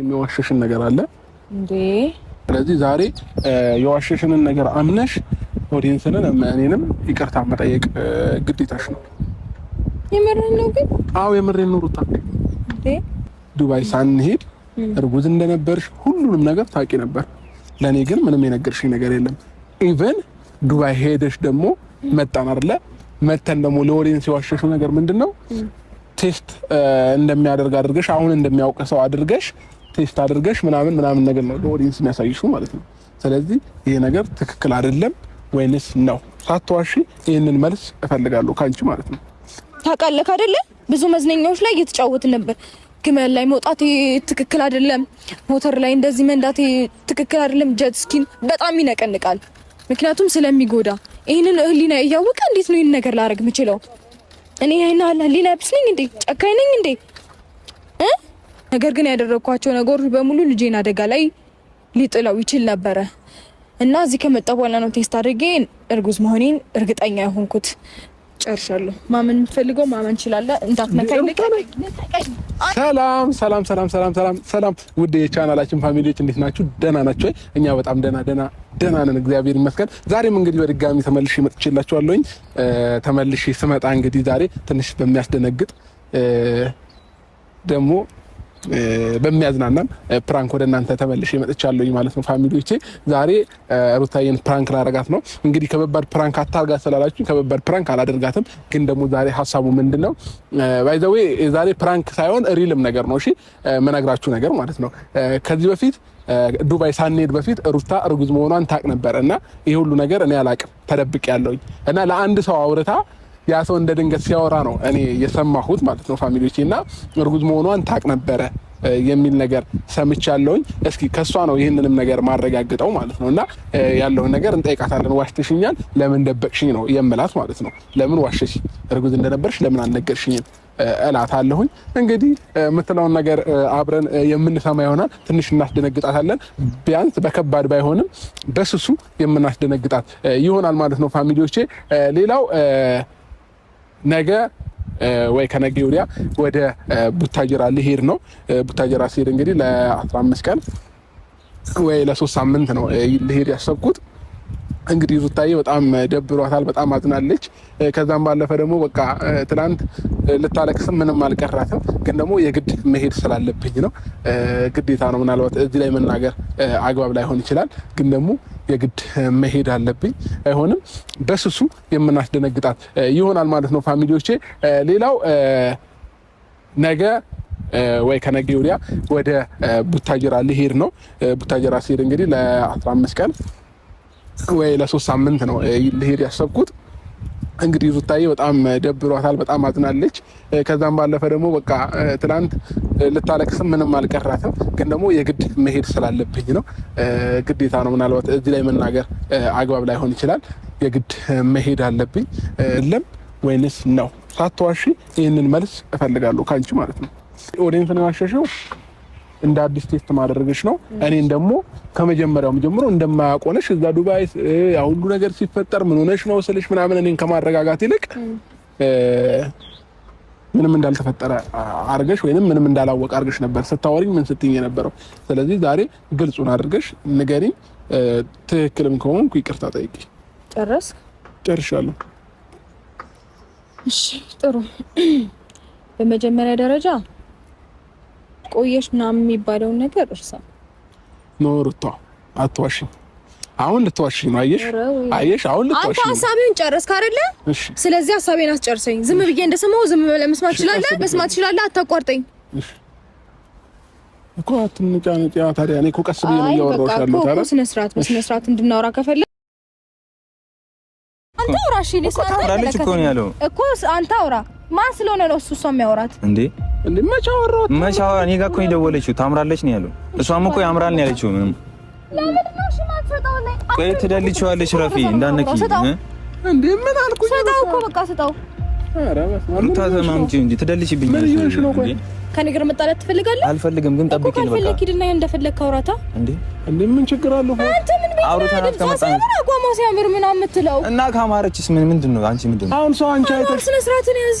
የዋሸሽን ነገር አለ እንዴ? ስለዚህ ዛሬ የዋሸሽንን ነገር አምነሽ ኦዲየንስንን እኔንም ይቅርታ መጠየቅ ግዴታሽ ነው። የምሬን ነው ግን? አዎ የምሬን ነው ሩታ። እንዴ ዱባይ ሳንሄድ እርጉዝ እንደነበርሽ ሁሉንም ነገር ታውቂ ነበር። ለእኔ ግን ምንም የነገርሽኝ ነገር የለም። ኢቨን ዱባይ ሄደሽ ደግሞ መጣን አይደለ? መተን ደግሞ ለኦዲየንስ የዋሸሽው ነገር ምንድን ነው? ቴስት እንደሚያደርግ አድርገሽ አሁን እንደሚያውቅ ሰው አድርገሽ ቴስት አድርገሽ ምናምን ምናምን ነገር ነው ለኦዲየንስ የሚያሳይሽው ማለት ነው። ስለዚህ ይሄ ነገር ትክክል አይደለም ወይንስ ነው? ሳትዋሺ ይህንን መልስ እፈልጋለሁ ከአንቺ ማለት ነው። ታውቃለህ አይደለ? ብዙ መዝናኛዎች ላይ እየተጫወትን ነበር። ግመል ላይ መውጣት ትክክል አይደለም፣ ሞተር ላይ እንደዚህ መንዳት ትክክል አይደለም፣ ጀት ስኪን በጣም ይነቀንቃል፣ ምክንያቱም ስለሚጎዳ። ይህንን ህሊና እያወቀ እንዴት ነው ይህን ነገር ላደርግ የምችለው? እኔ ይህን ህሊና ቢስ ነኝ እንዴ? ጨካኝ ነኝ እንዴ? ነገር ግን ያደረግኳቸው ነገሮች በሙሉ ልጄን አደጋ ላይ ሊጥለው ይችል ነበረ እና እዚህ ከመጣ በኋላ ነው ቴስት አድርጌ እርጉዝ መሆኔን እርግጠኛ የሆንኩት። ጨርሻለሁ። ማመን የምትፈልገው ማመን እችላለሁ። እንዳትነካኝ። ሰላም ሰላም ሰላም ሰላም ሰላም ሰላም። ውድ የቻናላችን ፋሚሊዎች እንዴት ናችሁ? ደህና ናችሁ? እኛ በጣም ደህና ደህና ደህና ነን፣ እግዚአብሔር ይመስገን። ዛሬም እንግዲህ በድጋሚ ተመልሼ መጥቼላችኋለሁኝ። ተመልሼ ስመጣ እንግዲህ ዛሬ ትንሽ በሚያስደነግጥ ደግሞ በሚያዝናናም ፕራንክ ወደ እናንተ ተመልሼ መጥቻለሁ ማለት ነው። ፋሚሊዎቼ ዛሬ ሩታዬን ፕራንክ ላረጋት ነው። እንግዲህ ከበባድ ፕራንክ አታርጋት ስላላችሁ ከበባድ ፕራንክ አላደርጋትም። ግን ደግሞ ዛሬ ሀሳቡ ምንድን ነው? ባይ ዘ ዌይ ዛሬ ፕራንክ ሳይሆን ሪልም ነገር ነው። እሺ መነግራችሁ ነገር ማለት ነው። ከዚህ በፊት ዱባይ ሳንሄድ በፊት ሩታ እርጉዝ መሆኗን ታቅ ነበር እና ይህ ሁሉ ነገር እኔ አላቅም ተደብቅ ያለውኝ እና ለአንድ ሰው አውርታ ያ ሰው እንደ ድንገት ሲያወራ ነው እኔ የሰማሁት ማለት ነው። ፋሚሊዎቼ እና እርጉዝ መሆኗን ታቅ ነበረ የሚል ነገር ሰምቻለሁኝ። እስኪ ከእሷ ነው ይህንንም ነገር ማረጋግጠው ማለት ነው እና ያለውን ነገር እንጠይቃታለን። ዋሽተሽኛል፣ ለምን ደበቅሽኝ ነው የምላት ማለት ነው። ለምን ዋሸሽ፣ እርጉዝ እንደነበርሽ ለምን አልነገርሽኝም አለሁኝ። እንግዲህ የምትለውን ነገር አብረን የምንሰማ ይሆናል። ትንሽ እናስደነግጣታለን። ቢያንስ በከባድ ባይሆንም በስሱ የምናስደነግጣት ይሆናል ማለት ነው ፋሚሊዎቼ ሌላው ነገ ወይ ከነገ ወዲያ ወደ ቡታጀራ ሊሄድ ነው። ቡታጀራ ሲሄድ እንግዲህ ለ15 ቀን ወይ ለሶስት ሳምንት ነው ሊሄድ ያሰብኩት። እንግዲህ ሩታዬ በጣም ደብሯታል፣ በጣም አዝናለች። ከዛም ባለፈ ደግሞ በቃ ትናንት ልታለቅስም ምንም አልቀራትም፣ ግን ደግሞ የግድ መሄድ ስላለብኝ ነው ግዴታ ነው። ምናልባት እዚህ ላይ መናገር አግባብ ላይሆን ይችላል፣ ግን ደግሞ የግድ መሄድ አለብኝ። አይሆንም በስሱ የምናስደነግጣት ይሆናል ማለት ነው ፋሚሊዎቼ። ሌላው ነገ ወይ ከነገ ወዲያ ወደ ቡታጀራ ሊሄድ ነው። ቡታጀራ ሲሄድ እንግዲህ ለ15 ቀን ወይ ለሶስት ሳምንት ነው ልሄድ ያሰብኩት። እንግዲህ ሩታዬ በጣም ደብሯታል፣ በጣም አዝናለች። ከዛም ባለፈ ደግሞ በቃ ትናንት ልታለቅስም ምንም አልቀራትም፣ ግን ደግሞ የግድ መሄድ ስላለብኝ ነው ግዴታ ነው። ምናልባት እዚህ ላይ መናገር አግባብ ላይሆን ይችላል። የግድ መሄድ አለብኝ። ለም ወይንስ ነው ሳትዋሺ ይህንን መልስ እፈልጋለሁ ከአንቺ ማለት ነው። ኦዲንስ ነው ያሸሸው እንደ አዲስ ቴስት ማደረግሽ ነው። እኔን ደግሞ ከመጀመሪያውም ጀምሮ እንደማያቆነሽ እዛ ዱባይ ሁሉ ነገር ሲፈጠር ምን ሆነሽ ነው ስልሽ ምናምን እኔን ከማረጋጋት ይልቅ ምንም እንዳልተፈጠረ አርገሽ ወይንም ምንም እንዳላወቀ አርገሽ ነበር ስታወሪኝ ምን ስትኝ የነበረው። ስለዚህ ዛሬ ግልጹን አድርገሽ ንገሪኝ። ትክክልም ከሆንኩ ይቅርታ ጠይቂ። ጨረስክ? ጨርሻለሁ። እሺ ጥሩ። በመጀመሪያ ደረጃ ቆየሽ ምናምን የሚባለውን ነገር እርሳ። ኖርቷ ሩታ አትዋሽኝ። አሁን ልትዋሽኝ ነው። አየሽ አየሽ፣ አሁን ልትዋሽኝ አንተ ሀሳቤን ጨረስክ አይደለ? ስለዚህ ሀሳቤን አስጨርሰኝ። ዝም ብዬ እንደሰማው ዝም ብለህ መስማት ትችላለህ፣ መስማት ትችላለህ። አታቋርጠኝ እኮ አትንጫንጫ። ታዲያ እኔ እኮ ቀስ ብዬ ነው እያወራሁሽ ያለሁት። ታዲያ ስነ ስርዓት በስነ ስርዓት እንድናወራ ከፈለ አንተ አውራ። እሺ እኮ ታውራለች እኮ ነው ያለው እኮ አንተ አውራ። ማን ስለሆነ ነው እሱ እሷ የሚያወራት እንዴ? እንዴ መቻወራት መቻወራ እኔ ጋር እኮ የደወለችው። ታምራለች ነው ያለው። እሷም እኮ ያምራል ነው ያለችው። ምንም ቆይ ትደልችዋለች። ረፊ እንዳነኪ እንዴ ምን አልኩኝ? ስጠው እኮ በቃ ስጠው። እንጂ ትደልችብኛል። ከእኔ ጋር መጣላት ትፈልጋለህ? አልፈልግም፣ ግን ጠብቂ ነው በቃ ሂድና እንደፈለግክ አውራታ። እንዴ እንዴ ምን ችግር አለው? አንተ ምን ቤት አውርታናት ከመጣን አቋሟ ሲያምር ምናምን የምትለው እና ካማረችስ ምን ምንድን ነው? አንቺ ምንድን ነው አሁን ሰው አንቺ አይተሽ ስነ ስርዓትን ያዝ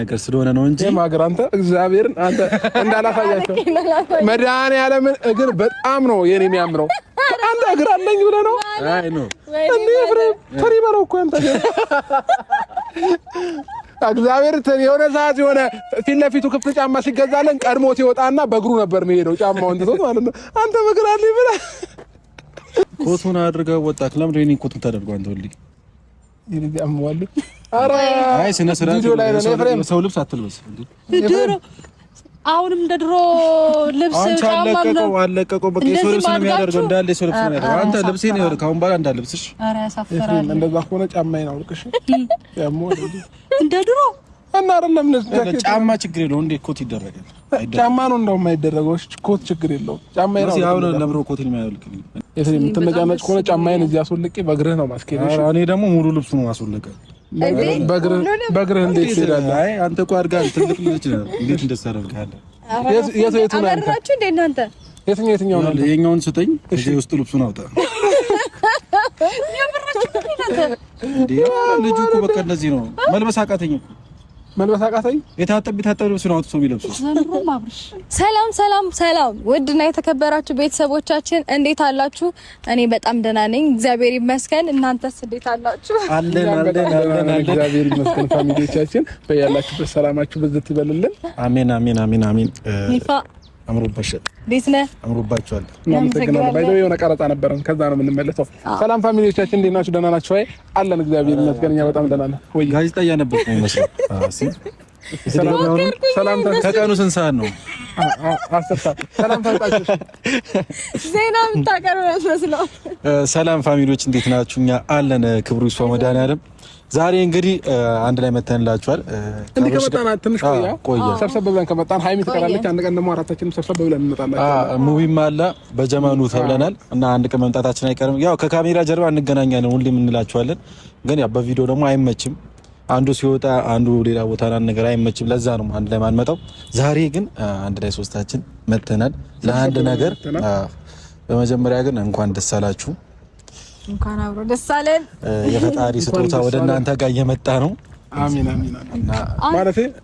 ነገር ስለሆነ ነው እንጂ ማገር አንተ እግዚአብሔርን አንተ እንዳላሳያቸው መድኃኒዓለምን እግር በጣም ነው የኔ የሚያምረው። አንተ እግር አለኝ ብለህ ነው እንዴ? ፍሬ በለው እኮ አንተ እግዚአብሔር የሆነ ሰዓት የሆነ ፊት ለፊቱ ክፍት ጫማ ሲገዛለን ቀድሞት ይወጣና በእግሩ ነበር የሚሄደው ጫማውን ትቶት ማለት ነው። አንተ በእግር አለኝ ብለህ ኮቱን አድርገህ ወጣክ። ለምን ኮቱን ታደርገው አንተ ሁሌ አይ ስነ ስርዓት ሰው ልብስ አትልበስ። አሁንም እንደ ድሮ ልብስ አለቀቀው አለቀቀው። በቃ የሰው ልብስ ነው የሚያደርገው፣ እንዳለ የሰው ልብስ ነው የሚያደርገው። አንተ ልብስ ነው ያደርገው። አሁን በኋላ እንዳለ ልብስሽ። ኧረ ያሳፍራል። እንደዛ ከሆነ ጫማዬን አውልቅሽ። እንደ ድሮ እና አይደለም ጫማ ችግር የለውም። እንዴ ኮት ይደረጋል። ጫማ ነው እንደውም የማይደረገው። ኮት ችግር የለውም። ጫማ ነው ያው ነው ለምሮ ኮት የማያወልቅልኝ። የምትነጫነጭ ከሆነ ጫማዬን እዚህ አስወልቄ በእግርህ ነው ማስኬድሽ። እኔ ደግሞ ሙሉ ልብሱ ነው ማስወልቀው በእግርህ እንዴት ትሄዳለህ? አይ አንተ እኮ አድርገሃል፣ ትልቅ ልጅ ነህ። እንዴት እንደሰረብካለህ! አመራችሁ እንደ እናንተ የትኛው የትኛው ነው? የኛውን ስጠኝ። እሺ ውስጥ ልብሱን አውጣ። ልጁ እኮ በቃ እንደዚህ ነው መልበስ አቃተኝ እኮ መልበስ አቃተኝ። የታጠብ የታጠብ ልብስ ነው አውጥቶ የሚለብሱ። ሰላም ሰላም ሰላም! ውድና የተከበራችሁ ቤተሰቦቻችን እንዴት አላችሁ? እኔ በጣም ደህና ነኝ እግዚአብሔር ይመስገን። እናንተስ እንዴት አላችሁ? አለን አለን አለን እግዚአብሔር ይመስገን። ፋሚሊዎቻችን በያላችሁበት ሰላማችሁ በዝት ይበልልን። አሜን አሜን አሜን አሜን። አምሮባቸዋል። እናመሰግናለን። ባይ ዘ ወይ የሆነ ቀረጻ ነበረን፣ ከዛ ነው የምንመለሰው። ሰላም ፋሚሊዎቻችን፣ እንዴት ናችሁ? ደህና ናችሁ? አይ አለን፣ እግዚአብሔር ይመስገን፣ እኛ በጣም ደህና ነን። ወይ ጋዜጠኛ ነበር ነው የሚመስለው። ሰላም ከቀኑ ስንት ሰዓት ነው? ሰላም ፋሚሊዎች እንዴት ናችሁ? እኛ አለን። ክብሩ ይስፋ መድኃኒዓለም ዛሬ እንግዲህ አንድ ላይ መተንላችኋል። እንዴ ከመጣን ትንሽ ቆያ ቆያ ሰብሰብ ብለን ከመጣን ሀይሚ ትቀራለች። አንድ ቀን ደግሞ አራታችንም ሰብሰብ ብለን እንመጣለን። ሙቪም አለ በጀመኑ ተብለናል እና አንድ ቀን መምጣታችን አይቀርም። ያው ከካሜራ ጀርባ እንገናኛለን ሁሌም እንላችኋለን። ግን ያው በቪዲዮ ደግሞ አይመችም። አንዱ ሲወጣ አንዱ ሌላ ቦታ ነገር አይመችም። ለዛ ነው አንድ ላይ ማንመጣው። ዛሬ ግን አንድ ላይ ሶስታችን መተናል ለአንድ ነገር። በመጀመሪያ ግን እንኳን ደስ አላችሁ እንኳን አብሮ ደስ አለን። የፈጣሪ ስጦታ ወደ እናንተ ጋር እየመጣ ነው። አሚን አሚን አሚን።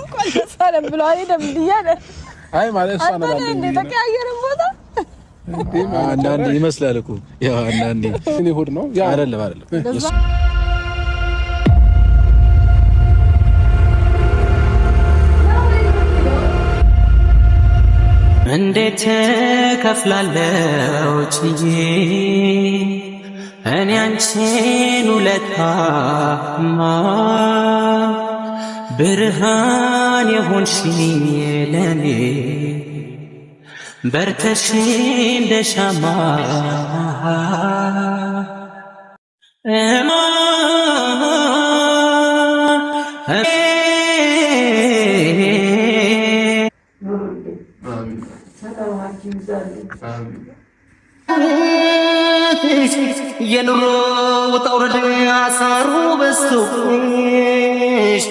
እንኳን ደስ አለን ብሎ አይደለም ብያለ። አይ ማለት እሷ ነው ቦታ አንዳንዴ ይመስላል እኮ ያው አንዳንዴ እኔ ሆድ ነው አይደለም አይደለም እንዴት ከፍላለው ችዬ እኔ አንቺን ውለታማ ብርሃን የሆንሽኝ ለኔ በርተሽ እንደሻማ የኑሮ ውጣ ውረድ አሳሩ በዝቶብሽ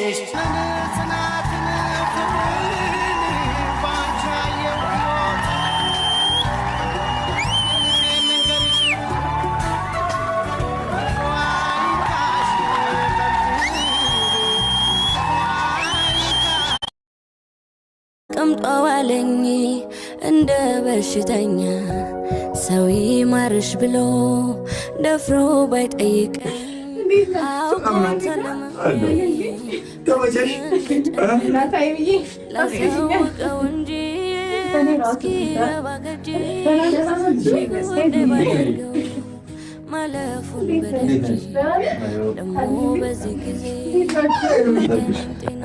ጠዋለኝ እንደ በሽተኛ ሰው ይማርሽ ብሎ ደፍሮ ባይጠይቅ ላሳውቀው እንጂ እስኪባገጅ ማለፉን በደጅ ደግሞ በዚህ ጊዜ ጤና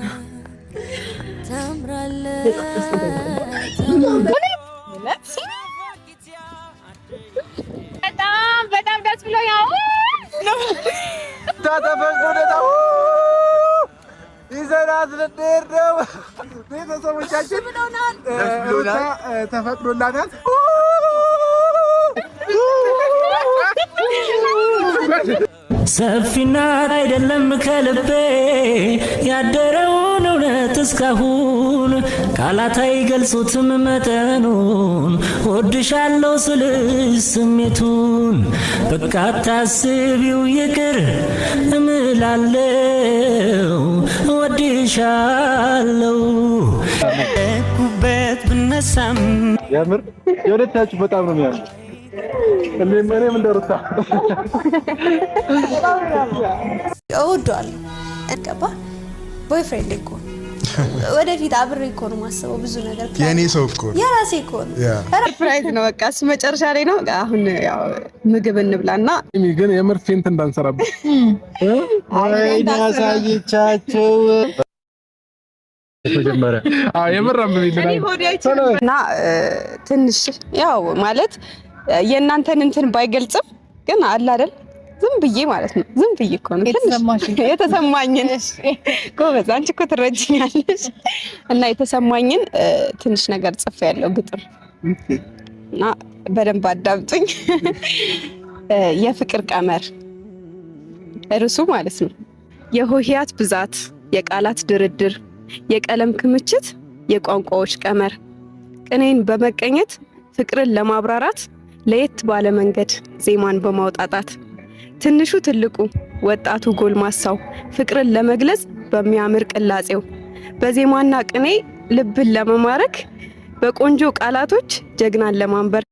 ታምራለህ ተፈቅዶላታል። ሰፊና አይደለም ከልቤ ያደረውን እውነት እስካሁን ቃላት አይገልጹትም መጠኑን ወድሻለው ስልሽ ስሜቱን በቃ ታስቢው ይቅር እምላለው ወድሻለው አልረሳም። የምር የሁለታችሁ በጣም ነው የሚያምር። እኔም እኔም እንደሩታ እወደዋለሁ። እንቀባ ቦይፍሬንድ እኮ ወደፊት አብሬ እኮ ነው የማስበው። ብዙ ነገር የኔ ሰው እኮ የራሴ እኮ ነው። ፍራይድ ነው በቃ እሱ መጨረሻ ላይ ነው። አሁን ያው ምግብ እንብላና ግን የምር ፌንት እንዳንሰራበት አሳይቻቸው እና ትንሽ ያው ማለት የእናንተን እንትን ባይገልጽም ግን አለ አይደል ዝም ብዬ ማለት ነው። ዝም ብዬ እኮ ነው የተሰማኝን። ጎበዝ አንቺ እኮ ትረጅኛለሽ። እና የተሰማኝን ትንሽ ነገር ጽፌ ያለው ግጥም እና በደንብ አዳምጡኝ። የፍቅር ቀመር እርሱ ማለት ነው የሆሄያት ብዛት የቃላት ድርድር የቀለም ክምችት፣ የቋንቋዎች ቀመር ቅኔን በመቀኘት ፍቅርን ለማብራራት ለየት ባለ መንገድ ዜማን በማውጣጣት ትንሹ ትልቁ፣ ወጣቱ ጎልማሳው ፍቅርን ለመግለጽ በሚያምር ቅላጼው በዜማና ቅኔ ልብን ለመማረክ በቆንጆ ቃላቶች ጀግናን ለማንበር